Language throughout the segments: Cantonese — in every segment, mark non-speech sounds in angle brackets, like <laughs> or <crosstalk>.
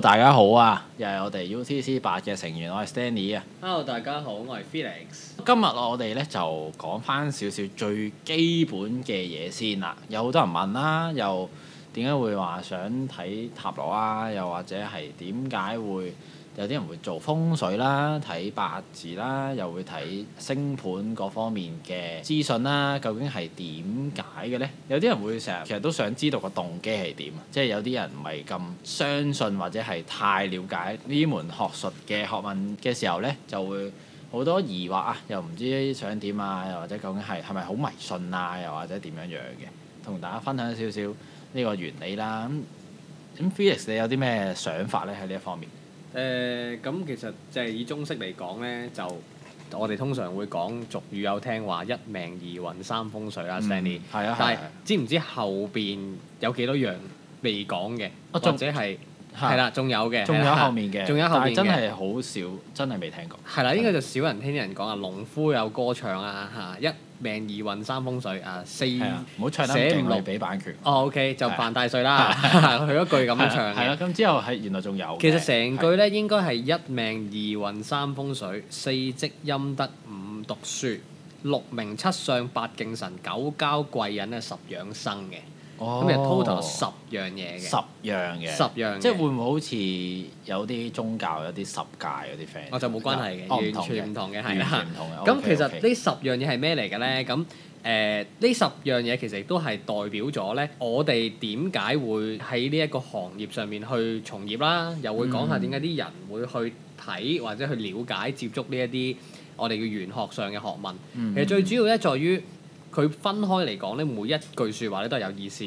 大家好啊！又係我哋 UTC 八嘅成員，我係 Stanley 啊。Hello，大家好，我係 Felix。今日我哋咧就講翻少少最基本嘅嘢先啦。有好多人問啦，又～點解會話想睇塔羅啊？又或者係點解會有啲人會做風水啦、睇八字啦，又會睇星盤各方面嘅資訊啦？究竟係點解嘅咧？有啲人會成日其實都想知道個動機係點，即係有啲人唔係咁相信或者係太了解呢門學術嘅學問嘅時候咧，就會好多疑惑啊！又唔知想點啊？又或者究竟係係咪好迷信啊？又或者點樣樣嘅？同大家分享少少。呢個原理啦，咁咁，Felix 你有啲咩想法咧？喺呢一方面，誒咁、呃、其實即係以中式嚟講咧，就我哋通常會講俗語有聽話一命二運三風水啦，Sandy。係啊，但係係、啊啊、知唔知後邊有幾多樣未講嘅，啊、或者係？係啦，仲有嘅，仲有後面嘅，仲有後面嘅，但係真係好少，真係未聽過。係啦，呢個就少人聽人講啊，農夫有歌唱啊，嚇一命二運三風水啊，四寫唔落俾版權。哦，OK，就犯太歲啦，佢嗰句咁樣唱。係啦，咁之後係原來仲有。其實成句咧應該係一命二運三風水，四積陰德五讀書，六名七相八敬神，九交貴人啊，十養生嘅。咁係 total 十樣嘢嘅，十樣嘅，十樣即係會唔會好似有啲宗教有啲十戒嗰啲 friend？我就冇關係嘅，完全唔同嘅，完全唔同嘅。咁其實呢十樣嘢係咩嚟嘅咧？咁誒呢十樣嘢其實亦都係代表咗咧，我哋點解會喺呢一個行業上面去從業啦？又會講下點解啲人會去睇或者去了解接觸呢一啲我哋嘅玄學上嘅學問。其實最主要咧，在於。佢分開嚟講咧，每一句說話咧都係有意思。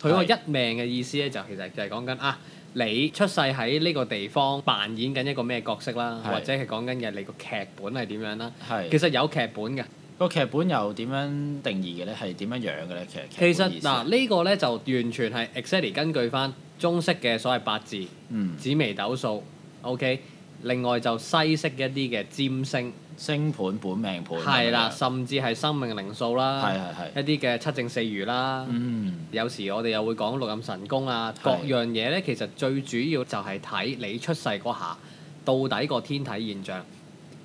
佢個是一命嘅意思咧，就其實就係講緊啊，你出世喺呢個地方扮演緊一個咩角色啦，是或者係講緊嘅你個劇本係點樣啦。是其實有劇本㗎。個劇本又點樣定義嘅咧？係點樣樣嘅咧？其實。其實嗱，呢個咧就完全係 exactly 根據翻中式嘅所謂八字，嗯、紫微斗數，OK。另外就西式一啲嘅占星、星盤、本命盤，係啦，甚至係生命靈數啦，一啲嘅七正四餘啦。嗯、有時我哋又會講六暗神功啊，的各樣嘢咧，其實最主要就係睇你出世嗰下，到底個天體現象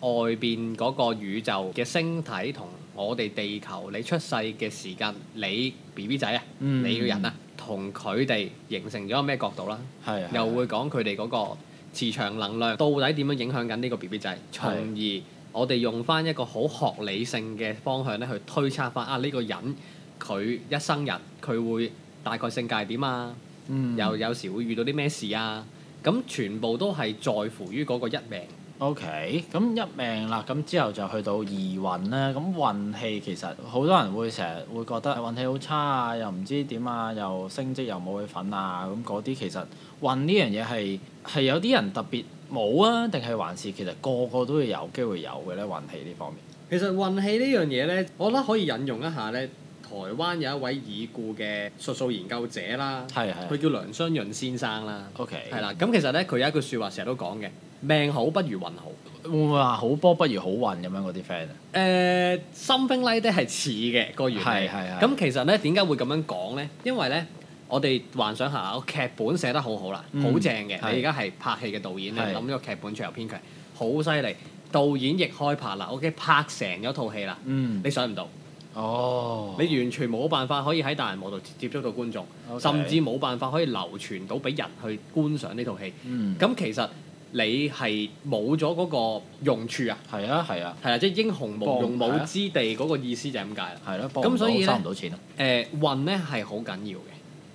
外邊嗰個宇宙嘅星體同我哋地球，你出世嘅時間，你 B B 仔啊，嗯、你個人啊，同佢哋形成咗咩角度啦？的的又會講佢哋嗰個。磁場能量到底點樣影響緊呢個 B B 仔？從而我哋用翻一個好學理性嘅方向咧，去推測翻啊呢個人佢一生人佢會大概性格係點啊？又、嗯、有時會遇到啲咩事啊？咁全部都係在乎於嗰個一命。O.K. 咁一命啦，咁之後就去到二運咧。咁運氣其實好多人會成日會覺得運氣好差啊，又唔知點啊，又升職又冇佢份啊。咁嗰啲其實運呢樣嘢係係有啲人特別冇啊，定係還是其實個個都會有機會有嘅咧？運氣呢方面。其實運氣呢樣嘢咧，我覺得可以引用一下咧。台灣有一位已故嘅術數研究者啦，佢是的 叫梁湘潤先生啦，OK，係啦。咁其實咧，佢有一句説話說，成日都講嘅。命好不如運好，會唔會話好波不如好運咁樣嗰啲 friend？誒，心兵 l a d 係似嘅個原理。係咁其實咧，點解會咁樣講咧？因為咧，我哋幻想下，個劇本寫得好好啦，好、嗯、正嘅。你而家係拍戲嘅導演，是你諗呢個劇本由編劇好犀利，導演亦開拍啦，OK，拍成咗套戲啦。嗯、你想唔到。哦、你完全冇辦法可以喺大銀幕度接觸到觀眾，Okay 甚至冇辦法可以流傳到俾人去觀賞呢套戲。嗯。咁其實。你係冇咗嗰個用處啊？係啊，係啊，係啊，即係英雄無用武之地嗰個意思就係咁解啦。係咯，幫唔到，收唔到錢啊。誒，運咧係好緊要嘅，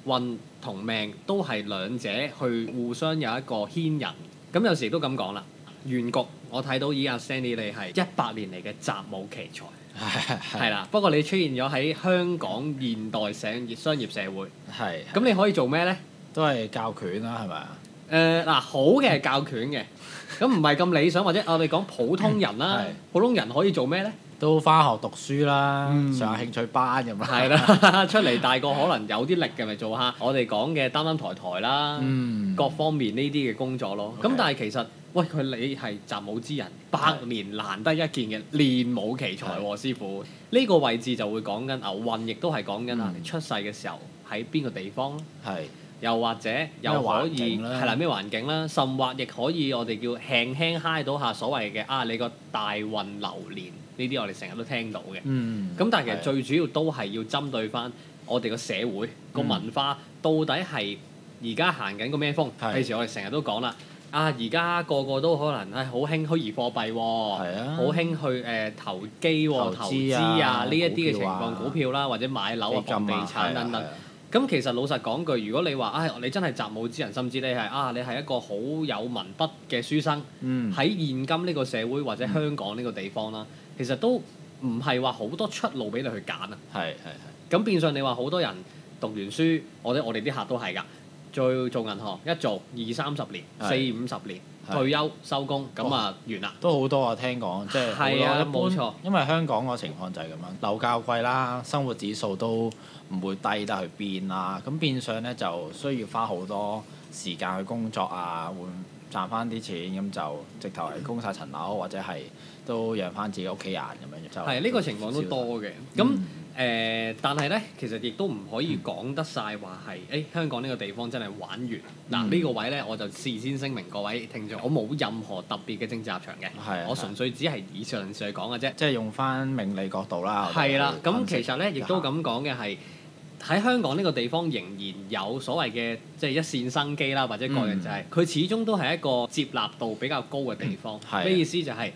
運同命都係兩者去互相有一個牽引。咁有時都咁講啦，原局，我睇到依家 Sandy 你係一百年嚟嘅習武奇才，係係啦，不過你出現咗喺香港現代社商業社會，係。咁你可以做咩咧？都係教拳啦，係咪啊？誒嗱、呃，好嘅係教拳嘅，咁唔係咁理想，或者我哋講普通人啦、啊， <laughs> 是普通人可以做咩咧？都翻學讀書啦，嗯、上興趣班咁啊！係啦的， <laughs> 出嚟大個可能有啲力嘅，咪做下我哋講嘅擔擔抬抬啦，嗯、各方面呢啲嘅工作咯。咁 Okay. 但係其實，喂佢你係習武之人，百年難得一見嘅練武奇才喎、啊，是師傅呢、呢個位置就會講緊牛運，亦都係講緊啊你出世嘅時候喺邊個地方。係。又或者又可以係啦，咩環境啦，甚或亦可以我哋叫輕輕 high 到下所謂嘅啊，你個大運流年呢啲，我哋成日都聽到嘅。咁但係其實最主要都係要針對翻我哋個社會個文化，到底係而家行緊個咩風？有時我哋成日都講啦，啊而家個個都可能咧好興虛擬貨幣喎，好興去誒投機喎，投資啊呢一啲嘅情況，股票啦或者買樓啊、房地產等等。咁其實老實講句，如果你話啊、哎，你真係習武之人，甚至你係啊，你係一個好有文筆嘅書生，喺、嗯、現今呢個社會或者香港呢個地方啦，其實都唔係話好多出路俾你去揀啊。係係係。咁變相你話好多人讀完書，我哋我哋啲客都係㗎，再做銀行一做二三十年、四是五十年是退休收工，咁啊、哦、完啦。都好多，我、就是、多啊，聽講即係係啊，冇錯。因為香港個情況就係咁樣，樓價貴啦，生活指數都，唔會低得去邊啦，咁變相咧就需要花好多時間去工作啊，會賺翻啲錢，咁就直頭係供曬層樓或者係都養翻自己屋企人咁樣就係呢、這個情況都多嘅。咁誒、嗯呃，但係咧其實亦都唔可以講得晒話係誒香港呢個地方真係玩完嗱呢、呃嗯、個位咧，我就事先聲明各位聽眾，我冇任何特別嘅政治立場嘅，的我純粹只係以上述講嘅啫。即係用翻命理角度啦。係啦，咁、嗯嗯嗯、其實咧亦都咁講嘅係。喺香港呢個地方仍然有所謂嘅即係一線生機啦，或者個人就係佢始終都係一個接納度比較高嘅地方。咩、嗯、意思就係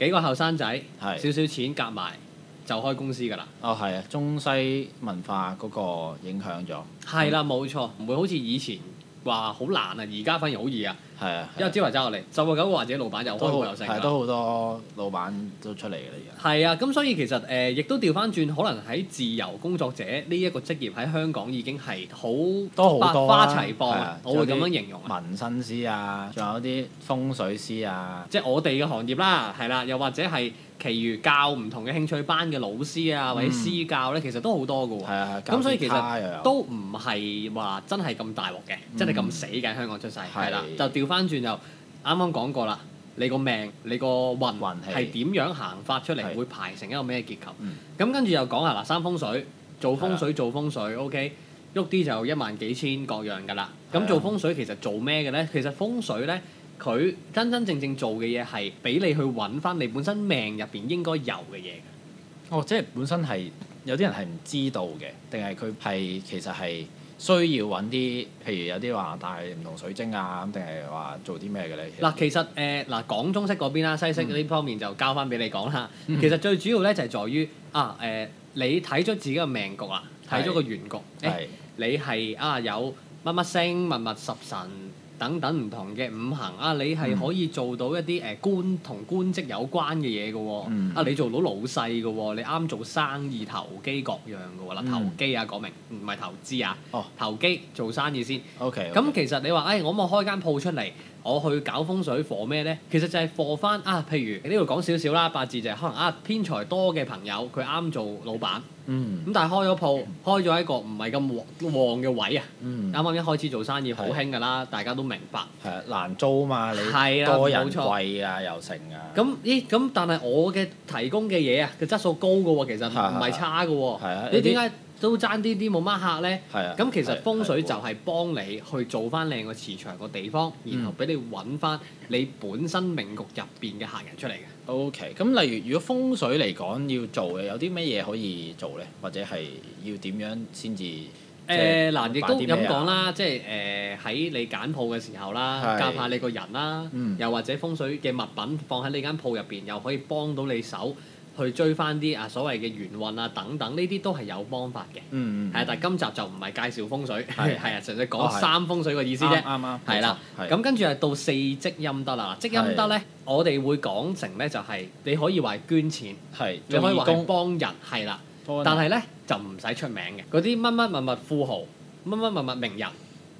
幾個後生仔少少錢夾埋就開公司㗎啦。哦，係啊，中西文化嗰個影響咗。係啦、嗯，冇錯，唔會好似以前話好難啊，而家反而好易啊。係啊，因為招牌揸落嚟，十個九個或者老闆又開鋪又成，都好多老闆都出嚟㗎啦，而家。係啊，咁所以其實誒，亦都調翻轉，可能喺自由工作者呢一個職業喺香港已經係好百花齊放。我會咁樣形容啊。紋身師啊，仲有啲風水師啊。即係我哋嘅行業啦，係啦，又或者係其餘教唔同嘅興趣班嘅老師啊，或者私教咧，其實都好多㗎喎。係啊。咁所以其實都唔係話真係咁大鑊嘅，真係咁死嘅香港出世。係啦，就調。翻轉就啱啱講過啦，你個命、你個運運係點樣行發出嚟，會排成一個咩結構？咁跟住又講下嗱，三風水做風水，做風水對了，OK，喐啲就一萬幾千各樣噶啦。咁做風水其實做咩嘅咧？對了 其實風水咧，佢真真正正做嘅嘢係俾你去揾翻你本身命入邊應該有嘅嘢。哦，即係本身係有啲人係唔知道嘅，定係佢係其實係。需要揾啲，譬如有啲話帶唔同水晶啊，咁定係話做啲咩嘅咧？嗱，其實誒，嗱、呃，港中式嗰邊啦，西式嗰啲方面就交翻俾你講啦。嗯、其實最主要咧就係在於啊，誒、呃，你睇咗自己嘅命局啦，睇咗個原局，你係啊有乜乜星、乜乜十神。等等唔同嘅五行啊，你係可以做到一啲誒、呃、官同官職有關嘅嘢㗎喎，嗯、啊你做到老細㗎喎，你啱做生意投機各樣㗎喎啦，嗯、投機啊講明唔係投資啊，哦、投機做生意先。咁 okay, okay, 其實你話，哎，我可唔可以開間鋪出嚟？我去搞風水，火咩咧？其實就係火翻啊！譬如呢度講少少啦，八字就係可能啊，偏財多嘅朋友佢啱做老闆，咁、嗯、但係開咗鋪，開咗一個唔係咁旺嘅位啊，啱啱、嗯、一開始做生意好興㗎啦，的大家都明白係啊，難租嘛，你多人貴啊又成啊。咁咦咁？但係我嘅提供嘅嘢啊，佢質素高㗎喎，其實唔係差㗎喎，的你點解？都爭啲啲冇乜客咧，咁、啊、其實風水就係幫你去做翻靚個磁場個地方，嗯、然後俾你揾翻你本身命局入邊嘅客人出嚟嘅。O K，咁例如如果風水嚟講要做嘅，有啲咩嘢可以做咧？或者係要點樣先至、呃？誒、呃、嗱，亦都咁講啦，即係誒喺你揀鋪嘅時候啦，夾下是你個人啦，嗯、又或者風水嘅物品放喺你間鋪入邊，又可以幫到你手。去追翻啲啊所謂嘅元運啊等等，呢啲都係有方法嘅。嗯啊，但係今集就唔係介紹風水，係啊，純粹講三風水嘅意思啫。啱啱，係啦。咁跟住係到四積陰德啦。積陰德咧，我哋會講成咧就係你可以話捐錢，係你可以話幫人，係啦。但係咧就唔使出名嘅，嗰啲乜乜物物富豪，乜乜物物名人，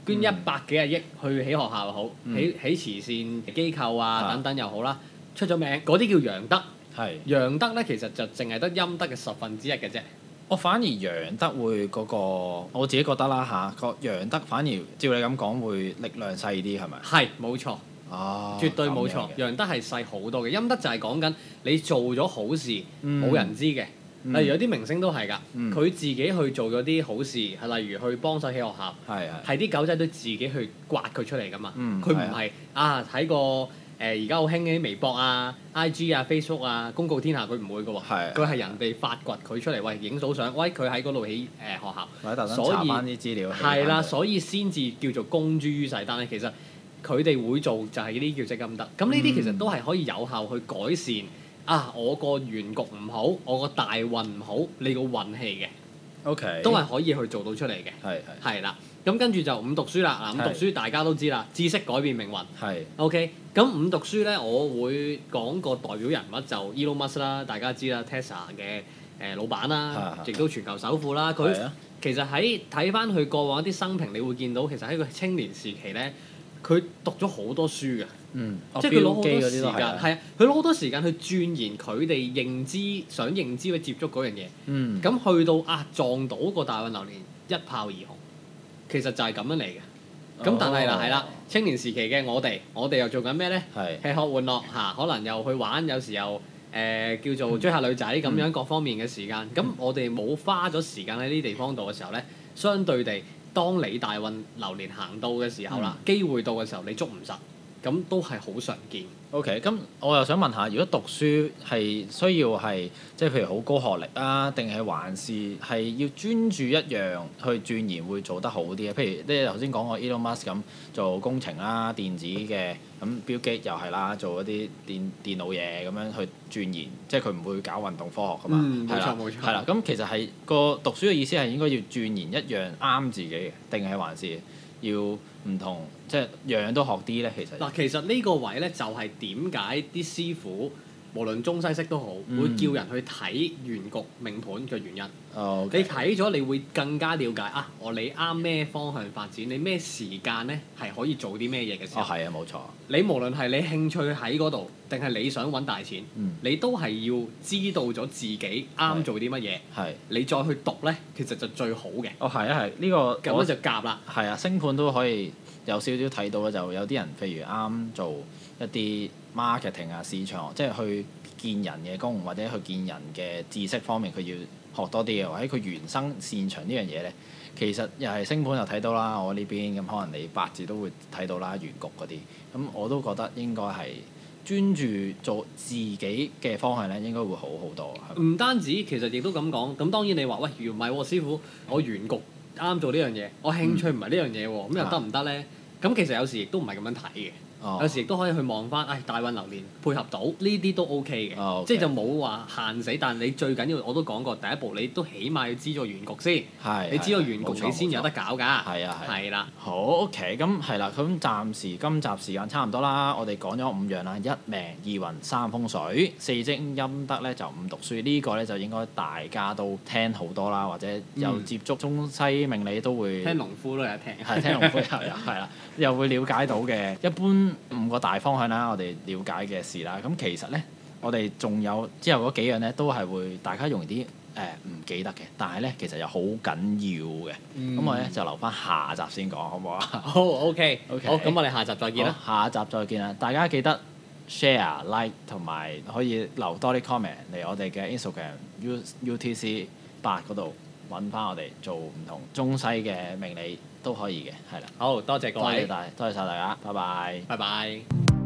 捐一百幾廿億去起學校又好，起起慈善機構啊等等又好啦，出咗名嗰啲叫陽德。係陽德咧，其實就淨係得陰德嘅十分之一嘅啫。我反而陽德會嗰個，我自己覺得啦嚇，個陽德反而照你咁講會力量細啲係咪？係，冇錯。哦，絕對冇錯，陽德係細好多嘅。陰德就係講緊你做咗好事冇人知嘅，例如有啲明星都係㗎，佢自己去做咗啲好事，例如去幫手起學校，係啲狗仔都自己去刮佢出嚟㗎嘛。佢唔係啊喺個。誒而家好興嗰啲微博啊、IG 啊、Facebook 啊，公告天下佢唔會噶喎、啊，佢係是的 人哋發掘佢出嚟，喂影到相，喂佢喺嗰度起誒學校，所以查翻啲資料，係啦，所以先至叫做公諸於世。但係其實佢哋會做就係嗰啲叫積陰德，咁呢啲其實都係可以有效去改善、嗯、啊我個原局唔好，我個大運唔好，你個運氣嘅。Okay, 都係可以去做到出嚟嘅，係啦。咁跟住就五讀書啦，啊是五讀書大家都知啦，知識改變命運。係 OK，咁五讀書咧，我會講個代表人物就 Elon Musk 啦，大家知啦，Tesla 嘅誒老闆啦，是是亦都全球首富啦。佢是其實喺睇返佢過往啲生平，你會見到其實喺佢青年時期咧，佢讀咗好多書㗎。嗯，即係佢攞好多時間，係啊，佢攞好多時間去鑽研佢哋認知想認知去接觸嗰樣嘢。咁去到啊撞到個大運流年，一炮而紅，其實就係咁樣嚟嘅。咁但係啦，係啦，青年時期嘅我哋，我哋又做緊咩咧？吃喝玩樂嚇，可能又去玩，有時候誒叫做追下女仔咁樣，各方面嘅時間。咁我哋冇花咗時間喺呢啲地方度嘅時候咧，相對地，當你大運流年行到嘅時候啦，機會到嘅時候，你捉唔實。咁都係好常見。OK，咁我又想問下，如果讀書係需要係即係譬如好高學歷啊，定係還是係要專注一樣去鑽研會做得好啲咧？譬如咧，頭先講過 Elon Musk 咁做工程啦、啊、電子嘅咁 Bill Gates 又係啦，做一啲電電腦嘢咁樣去鑽研，即係佢唔會搞運動科學㗎嘛？嗯，冇錯冇錯。係啦的，咁錯其實係個讀書嘅意思係應該要鑽研一樣啱自己嘅，定係還是？要唔同，即係樣樣都學啲咧，其實嗱，其實呢個位咧，就係點解啲師傅。無論中西式都好，嗯、會叫人去睇原局命盤嘅原因。Oh, okay. 你睇咗，你會更加了解啊！哦，你啱咩方向發展？你咩時間咧係可以做啲咩嘢嘅時候？哦，係啊，冇錯。你無論係你興趣喺嗰度，定係你想揾大錢，嗯、你都係要知道咗自己啱做啲乜嘢，係你再去讀咧，其實就最好嘅。哦，係啊，係呢、啊啊呢個，咁我就夾啦。係啊，星盤都可以。有少少睇到啦，就有啲人，譬如啱做一啲 marketing 啊、市場，即係去見人嘅工，或者去見人嘅知識方面，佢要學多啲嘅。或者佢原生擅長呢樣嘢咧，其實又係星盤又睇到啦。我呢邊咁，可能你八字都會睇到啦，原局嗰啲。咁我都覺得應該係專注做自己嘅方向咧，應該會好好多。唔單止，其實亦都咁講，咁當然你話喂，如唔係喎，師傅我原局。嗯啱做呢樣嘢，我興趣唔係、嗯、呢樣嘢喎，咁又得唔得咧？咁其實有時亦都唔係咁樣睇嘅。有、oh. 時亦都可以去望翻，誒大運流年配合到呢啲都 O K 嘅，oh, okay. 即係就冇話限死。但係你最緊要我都講過，第一步你都起碼要知道原局先，你知道原局你先有得搞㗎。係啊，係啦。好 OK，咁係啦，咁暫時今集時間差唔多啦，我哋講咗五樣啦，一命、二運、三風水、四積陰德咧就五讀書呢、呢個咧就應該大家都聽好多啦，或者有接觸、嗯、中西命理都會聽農夫都有聽，係聽農夫又有啦，又會了解到嘅一般。五個大方向啦，我哋了解嘅事啦，咁其實呢，我哋仲有之後嗰幾樣咧，都係會大家容易啲唔記得嘅，但係呢，其實又好緊要嘅，咁、嗯、我咧就留翻下集先講，好唔好啊？好 OK OK，好，咁、哦 okay, Okay, 我哋下集再見啦，下集再見啦，大家記得 share like 同埋可以留多啲 comment 嚟我哋嘅 Instagram U T C 八嗰度揾翻我哋做唔同中西嘅命理。都可以嘅，係啦。好多謝各位，多謝晒大家，大家拜拜。拜拜。拜拜。